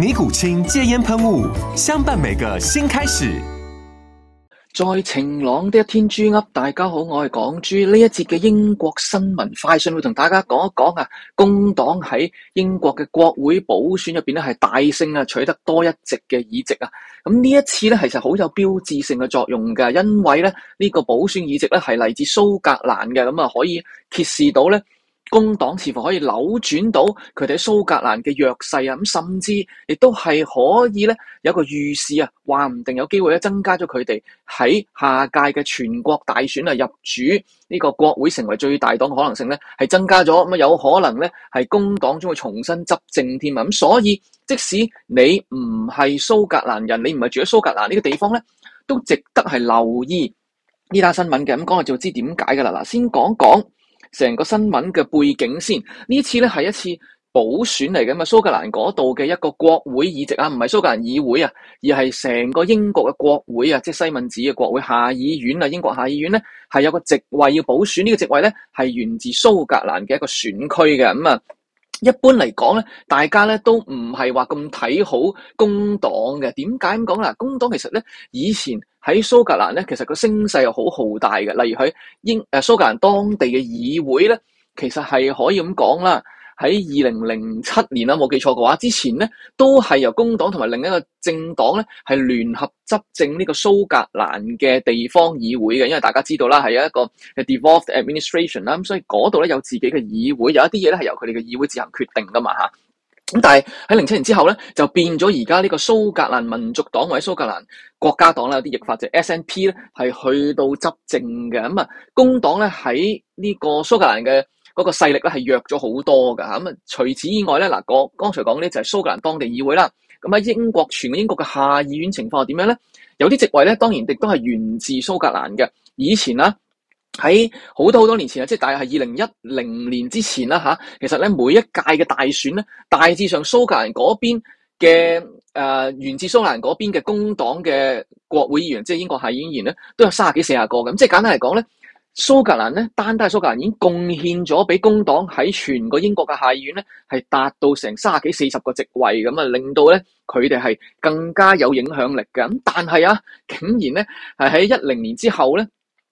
尼古清戒煙噴霧，相伴每個新開始。在晴朗的一天豬，豬噏大家好，我係港豬。呢一節的英國新聞快訊會同大家講一講啊，工黨在英國的國會補選入邊是大勝啊，取得多一席的議席啊。咁呢一次咧，其實好有標誌性的作用噶，因為這個補選議席是來自蘇格蘭的，咁啊可以揭示到工黨似乎可以扭轉到佢哋喺蘇格蘭嘅弱勢啊？咁甚至亦都係可以咧，有一個預示啊，話唔定有機會咧，增加咗佢哋喺下屆嘅全國大選啊，入主呢個國會成為最大黨嘅可能性咧，係增加咗。咁有可能咧，係工黨將會重新執政添啊。咁所以，即使你唔係蘇格蘭人，你唔係住喺蘇格蘭呢個地方咧，都值得係留意呢單新聞嘅。咁講下就知點解噶啦。嗱，先講講，成個新聞嘅背景先，呢次呢係一次補選嚟嘅嘛，蘇格蘭嗰度嘅一個國會議席啊，唔係蘇格蘭議會啊，而係成個英國嘅國會啊，即係西敏寺嘅國會下議院啊，英國下議院呢係有個席位要補選，呢、這個席位呢係源自蘇格蘭嘅一個選區嘅。咁一般嚟講咧，大家咧都唔係話咁睇好工黨嘅。點解咁講啦？工黨其實咧以前喺蘇格蘭咧，其實個聲勢又好浩大嘅。例如喺英誒蘇格蘭當地嘅議會咧，其實係可以咁講啦。喺二零零七年啦，冇記錯嘅話，之前咧都係由工黨同埋另一個政黨咧係聯合執政呢個蘇格蘭嘅地方議會嘅，因為大家知道啦係有一個 devolved administration 啦，咁所以嗰度咧有自己嘅議會，有一啲嘢咧係由佢哋嘅議會自行決定噶嘛吓。咁但係喺零七年之後咧，就變咗而家呢個蘇格蘭民族黨或者蘇格蘭國家黨啦，有啲譯法就 SNP 咧係去到執政嘅。咁啊，工黨咧喺呢個蘇格蘭嘅。嗰、那個勢力咧係弱咗好多㗎咁啊！除此以外咧，嗱，我剛才講嘅就係蘇格蘭當地議會啦。咁喺英國全英國嘅下議院情況係點樣咧？有啲職位咧，當然亦都係源自蘇格蘭嘅。以前啦，喺好多好多年前啊，即係大概係二零一零年之前啦吓，其實咧，每一屆嘅大選咧，大致上蘇格蘭嗰邊嘅誒、呃、源自蘇格蘭嗰邊嘅工黨嘅國會議員，即係英國下議員咧，都有三十幾四十個咁。即、嗯、係簡單嚟講咧。蘇格蘭咧，單單係蘇格蘭已經貢獻咗俾工黨喺全個英國嘅下院咧，係達到成卅幾四十個席位咁啊，令到咧佢哋係更加有影響力嘅。咁但係啊，竟然咧係喺一零年之後咧，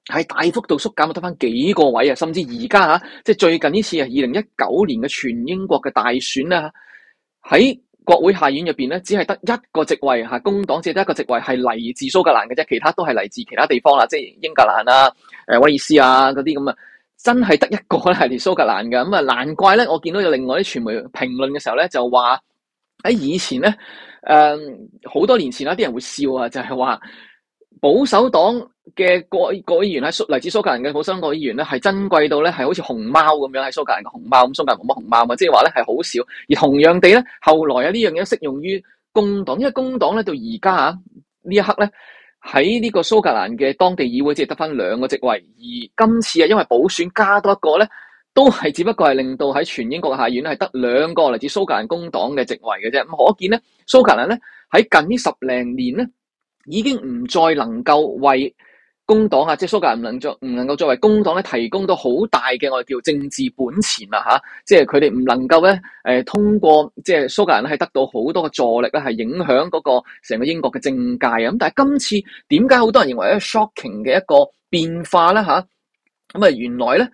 係大幅度縮減得翻幾個位啊，甚至而家吓，即係最近呢次啊，二零一九年嘅全英國嘅大選啦吓，喺國會下院入邊咧，只係得一個席位嚇，工黨只係得一個席位係嚟自蘇格蘭嘅啫，其他都係嚟自其他地方啦，即係英格蘭啊、誒威爾斯啊嗰啲咁啊，真係得一個係嚟自蘇格蘭嘅，咁啊難怪咧，我見到有另外啲傳媒評論嘅時候咧，就話喺以前咧，誒、嗯、好多年前啦，啲人會笑啊，就係、是、話保守黨。嘅國國議員喺蘇，嚟自蘇格蘭嘅保守黨國議員咧，係珍貴到咧，係好似熊貓咁樣喺蘇格蘭嘅熊貓咁，蘇格蘭冇乜熊貓啊，即係話咧係好少。而同樣地咧，後來啊呢樣嘢適用於工黨，因為工黨咧到而家啊呢一刻咧喺呢個蘇格蘭嘅當地議會，只係得翻兩個席位。而今次啊，因為補選加多一個咧，都係只不過係令到喺全英國下院咧係得兩個嚟自蘇格蘭工黨嘅席位嘅啫。咁可見咧，蘇格蘭咧喺近十呢十零年咧已經唔再能夠為工黨啊，即係蘇格蘭唔能作唔能夠作為工黨咧提供到好大嘅我哋叫政治本錢啊嚇！即係佢哋唔能夠咧誒、呃、通過，即係蘇格蘭咧得到好多嘅助力咧，係影響嗰、那個成個英國嘅政界啊！咁但係今次點解好多人認為一 shocking 嘅一個變化咧嚇？咁啊，啊原來咧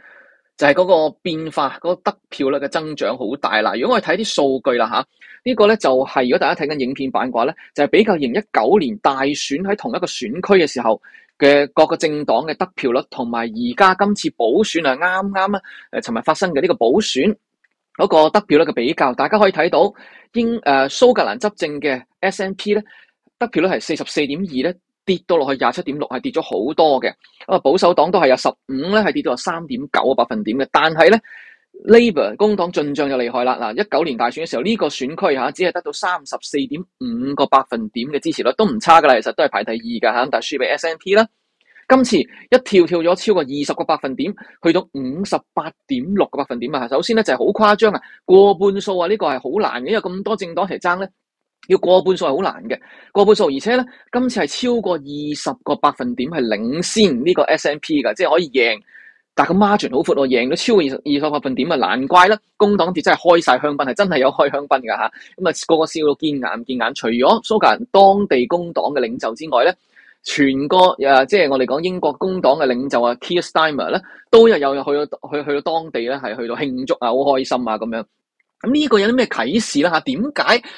就係、是、嗰個變化，嗰、那個得票率嘅增長好大啦、啊！如果我哋睇啲數據啦嚇，啊這個、呢個咧就係、是、如果大家睇緊影片版嘅話咧，就係、是、比較二零一九年大選喺同一個選區嘅時候。嘅各個政黨嘅得票率，同埋而家今次補選啊啱啱，啊，誒，尋日發生嘅呢個補選嗰個得票率嘅比較，大家可以睇到英誒蘇格蘭執政嘅 SNP 咧，得票率係四十四點二咧，跌到落去廿七點六，係跌咗好多嘅。啊，保守黨都係有十五咧，係跌到有三點九個百分點嘅，但係咧。Labour 工黨進賬就厲害啦，嗱一九年大選嘅時候呢、這個選區吓、啊、只係得到三十四點五個百分點嘅支持率，都唔差噶啦，其實都係排第二噶吓、啊，但係輸俾 S N P 啦。今次一跳跳咗超過二十個百分點，去到五十八點六個百分點啊！首先咧就係好誇張啊，過半數啊呢、這個係好難嘅，因為咁多政黨一齊爭咧，要過半數係好難嘅，過半數而且咧今次係超過二十個百分點係領先呢個 S N P 噶，即係可以贏。但個個 margin 好闊，我贏咗超二十二百分點啊！難怪啦，工黨跌真係開晒香檳，係真係有開香檳㗎吓！咁啊，個個笑到見牙唔見眼。除咗蘇格蘭當地工黨嘅領袖之外咧，全個、呃、即係我哋講英國工黨嘅領袖啊 Keir Starmer 咧，Starmer，都又有去到去去到當地咧，係去到慶祝啊，好開心啊咁樣。咁呢個有啲咩啟示啦？點解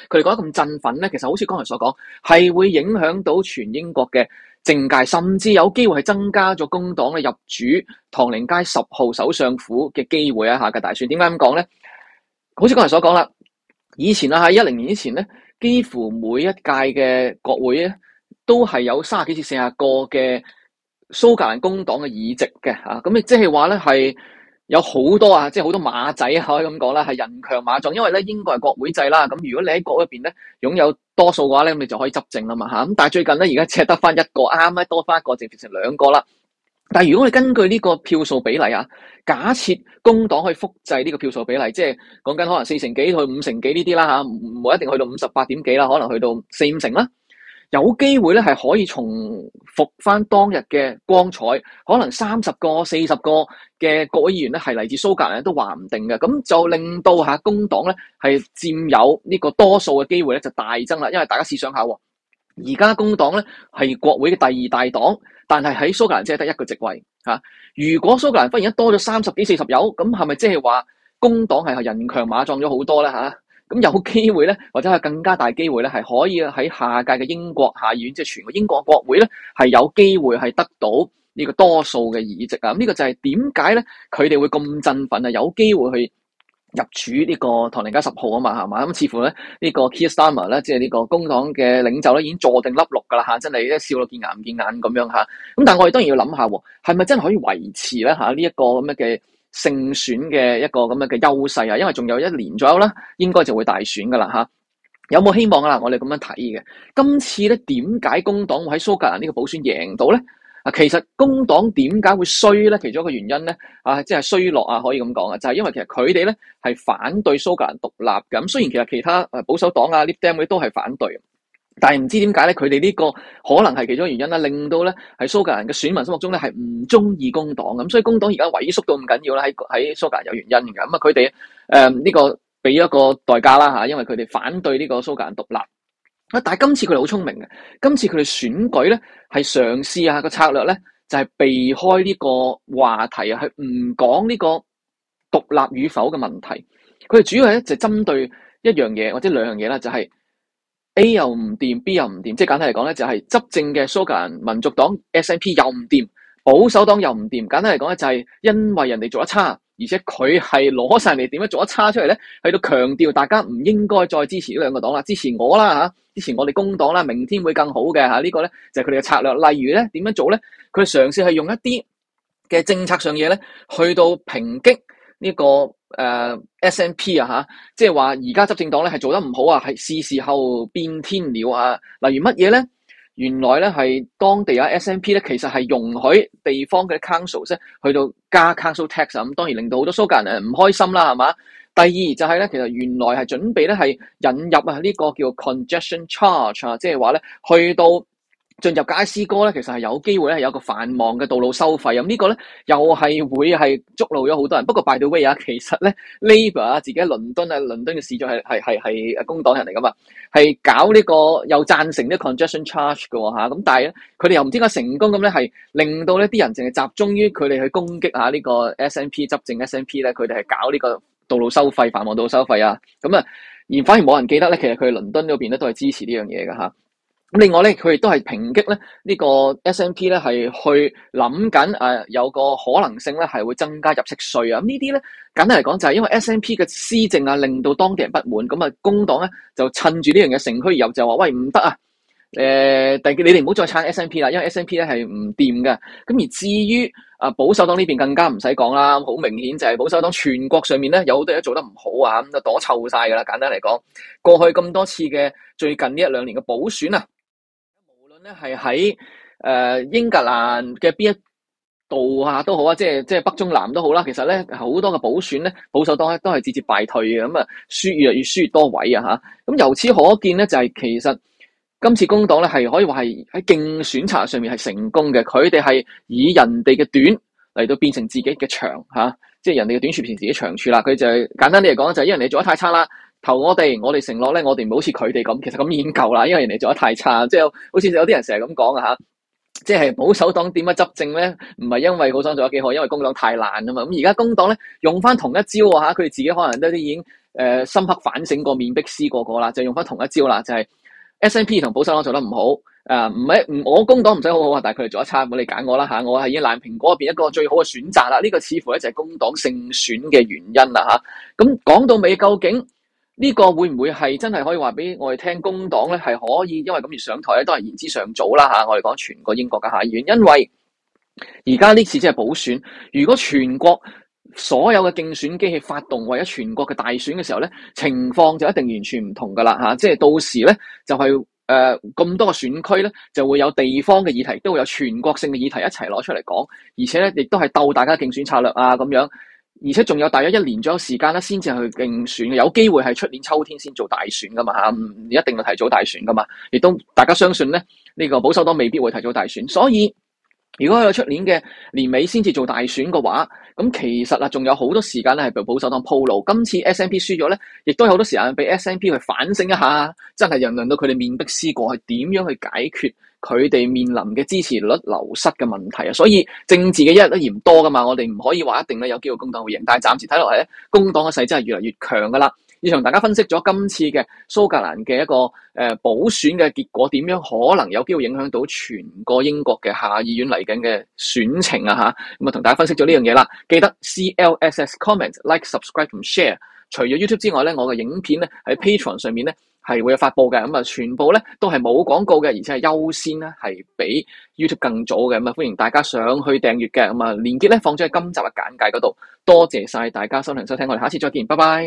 佢哋覺得咁振奮咧？其實好似剛才所講，係會影響到全英國嘅。政界甚至有機會係增加咗工黨嘅入主唐寧街十號首相府嘅機會啊！下屆大選點解咁講咧？好似剛才所講啦，以前啊喺一零年之前咧，幾乎每一屆嘅國會咧都係有卅幾至四十個嘅蘇格蘭工黨嘅議席嘅嚇，咁亦即係話咧係。有好多啊，即係好多馬仔可以咁講啦，係人強馬壯，因為咧英國係國會制啦，咁如果你喺國入邊咧擁有多數嘅話咧，咁你就可以執政啦嘛吓，咁但係最近咧而家只得翻一個啱啱，多翻一個，一個就變成兩個啦。但係如果你根據呢個票數比例啊，假設工黨可以複製呢個票數比例，即係講緊可能四成幾去五成幾呢啲啦吓，唔一定去到五十八點幾啦，可能去到四五成啦。有機會咧，係可以重復翻當日嘅光彩，可能三十個、四十個嘅國會議員咧，係嚟自蘇格蘭都話唔定嘅。咁就令到嚇工黨咧係佔有呢個多數嘅機會咧，就大增啦。因為大家試想下喎，而家工黨咧係國會嘅第二大黨，但係喺蘇格蘭只係得一個席位嚇。如果蘇格蘭忽然間多咗三十幾四十有，咁係咪即係話工黨係人強馬壯咗好多咧嚇？咁有機會咧，或者係更加大機會咧，係可以喺下屆嘅英國下議院，即係全個英國國會咧，係有機會係得到呢個多數嘅議席啊！咁呢個就係點解咧？佢哋會咁振奮啊！有機會去入主呢個唐寧街十號啊嘛，係嘛？咁似乎咧，呢個 Keir Starmer 咧，即係呢個工黨嘅領袖咧，已經坐定粒六噶啦吓，真係即笑到見牙唔見眼咁樣吓，咁但係我哋當然要諗下喎，係咪真係可以維持咧吓，呢一個咁樣嘅勝選嘅一個咁樣嘅優勢啊，因為仲有一年左右啦，應該就會大選噶啦吓，有冇希望啊？啦，我哋咁樣睇嘅，今次咧，點解工黨會喺蘇格蘭呢個補選贏到咧？啊，其實工黨點解會衰咧？其中一個原因咧，啊，即係衰落啊，可以咁講啊，就係因為其實佢哋咧，係反對蘇格蘭獨立嘅，咁雖然其實其他啊，保守黨啊、Lib Dem 嗰啲都係反對。但係唔知點解咧？佢哋呢個可能係其中原因啦，令到咧喺蘇格蘭嘅選民心目中咧係唔中意工黨，咁，所以工黨而家萎縮到咁緊要啦。喺喺蘇格蘭有原因嘅，咁啊佢哋誒呢個俾一個代價啦吓，因為佢哋反對呢個蘇格蘭獨立。啊，但係今次佢哋好聰明嘅，今次佢哋選舉咧係嘗試下個策略咧，就係、是、避開呢個話題啊，係唔講呢個獨立與否嘅問題。佢哋主要咧就針、是、對一樣嘢或者兩樣嘢啦，就係、是。A 又唔掂，B 又唔掂，即係簡單嚟講咧，就係執政嘅蘇格蘭民族黨 SNP 又唔掂，保守黨又唔掂。簡單嚟講咧，就係因為人哋做得差，而且佢係攞晒你點樣做得差出嚟咧，喺度強調大家唔應該再支持呢兩個黨啦，支持我啦嚇，支持我哋工黨啦，明天會更好嘅嚇。呢個咧就係佢哋嘅策略。例如咧點樣做咧？佢嘗試係用一啲嘅政策上嘢咧，去到抨擊呢個。誒、uh,，S N P 啊，吓、就是，即係話而家執政黨咧係做得唔好啊，係是時候變天了啊。例如乜嘢咧？原來咧係當地啊，S N P 咧其實係容許地方嘅 council 即係去到加 council tax 啊，咁當然令到好多蘇格蘭人唔開心啦，係嘛。第二就係咧，其實原來係準備咧係引入啊呢、這個叫 congestion charge 啊，即係話咧去到。進入格拉斯哥咧，其實係有機會咧，有一個繁忙嘅道路收費。咁、嗯這個、呢個咧，又係會係捉路咗好多人。不過 by the way 啊，其實咧，Labour 啊，自己喺倫敦啊，倫敦嘅市長係係係係工黨人嚟噶嘛，係搞呢、這個又贊成啲 congestion charge 㗎喎。咁、嗯、但係咧，佢哋又唔知點解成功咁咧，係令到呢啲人淨係集中於佢哋去攻擊下呢個 SNP 執政 SNP 咧，佢哋係搞呢個道路收費、繁忙道路收費啊。咁、嗯、啊，而、嗯、反而冇人記得咧，其實佢哋倫敦嗰邊咧都係支持呢樣嘢嘅。咁另外咧，佢亦都係抨擊咧呢個 SNP 咧，係去諗緊誒有個可能性咧，係會增加入息稅啊！咁、嗯、呢啲咧簡單嚟講就係因為 SNP 嘅施政啊，令到當地人不滿，咁、嗯、啊工黨咧就趁住呢樣嘅城區入就話喂唔得啊！第、呃、你哋唔好再撐 SNP 啦，因為 SNP 咧係唔掂㗎。」咁而至於啊保守黨呢邊更加唔使講啦，好明顯就係保守黨全國上面咧有好多嘢做得唔好啊，咁就躲臭晒噶啦。簡單嚟講，過去咁多次嘅最近呢一兩年嘅補選啊。咧係喺誒英格蘭嘅邊一度啊，都好啊，即係即係北中南都好啦。其實咧好多嘅補選咧，保守黨都係都係節節敗退嘅，咁啊，輸越嚟越輸越多位啊嚇。咁由此可見咧，就係、是、其實今次工黨咧，係可以話係喺競選策上面係成功嘅。佢哋係以人哋嘅短嚟到變成自己嘅長嚇，啊，即係人哋嘅短處變成自己嘅長處啦。佢就係、是、簡單啲嚟講，就係因為你做得太差啦。求我哋，我哋承諾咧，我哋唔好似佢哋咁，其實咁已經夠啦，因為人哋做得太差，即係好似有啲人成日咁講啊吓，即係保守黨點樣執政咧？唔係因為保守黨做得幾好，因為工黨太爛啊嘛。咁而家工黨咧用翻同一招啊吓，佢哋自己可能都有已經誒深刻反省過、面壁思過過啦，就用翻同一招啦，就係、是、SNP 同保守黨做得唔好啊，唔係唔我工黨唔使好好啊，但係佢哋做得差，你揀我啦吓，我係已經爛蘋果入邊一個最好嘅選擇啦。呢、這個似乎就係工黨勝選嘅原因啦吓。咁講到尾，究竟？呢個會唔會係真係可以話俾我哋聽工黨咧係可以？因為咁而上台咧都係言之尚早啦嚇。我哋講全個英國嘅下院，因為而家呢次即係補選。如果全國所有嘅競選機器發動，或者全國嘅大選嘅時候咧，情況就一定完全唔同噶啦嚇。即係到時咧就係誒咁多個選區咧，就會有地方嘅議題，都會有全國性嘅議題一齊攞出嚟講，而且咧亦都係鬥大家競選策略啊咁樣。而且仲有大約一年左右時間呢，先至去競選，有機會係出年秋天先做大選噶嘛，唔一定會提早大選噶嘛，亦都大家相信呢呢、呢個保守黨未必會提早大選，所以。如果佢出年嘅年尾先至做大選嘅話，咁其實啊，仲有好多時間咧係被保守黨鋪路。今次 SNP 輸咗呢，亦都有好多時間被 SNP 去反省一下，真係又輪到佢哋面壁思過去，係點樣去解決佢哋面臨嘅支持率流失嘅問題啊。所以政治嘅一日都嫌多㗎嘛，我哋唔可以話一定有機會工黨會贏，但係暫時睇落嚟咧，工黨嘅勢真係越嚟越強㗎啦。要同大家分析咗今次嘅蘇格蘭嘅一個誒、呃、補選嘅結果點樣，可能有機會影響到全個英國嘅下議院嚟緊嘅選情啊！吓，咁啊，同大家分析咗呢樣嘢啦。記得 CLSS comment、like、subscribe 同 share。除咗 YouTube 之外咧，我嘅影片咧喺 Patreon 上面咧係會有發布嘅。咁啊，全部咧都係冇廣告嘅，而且係優先咧係比 YouTube 更早嘅。咁啊，歡迎大家上去訂閱嘅。咁啊，連結咧放咗喺今集嘅簡介嗰度。多謝晒大家收聽收聽，我哋下次再見，拜拜。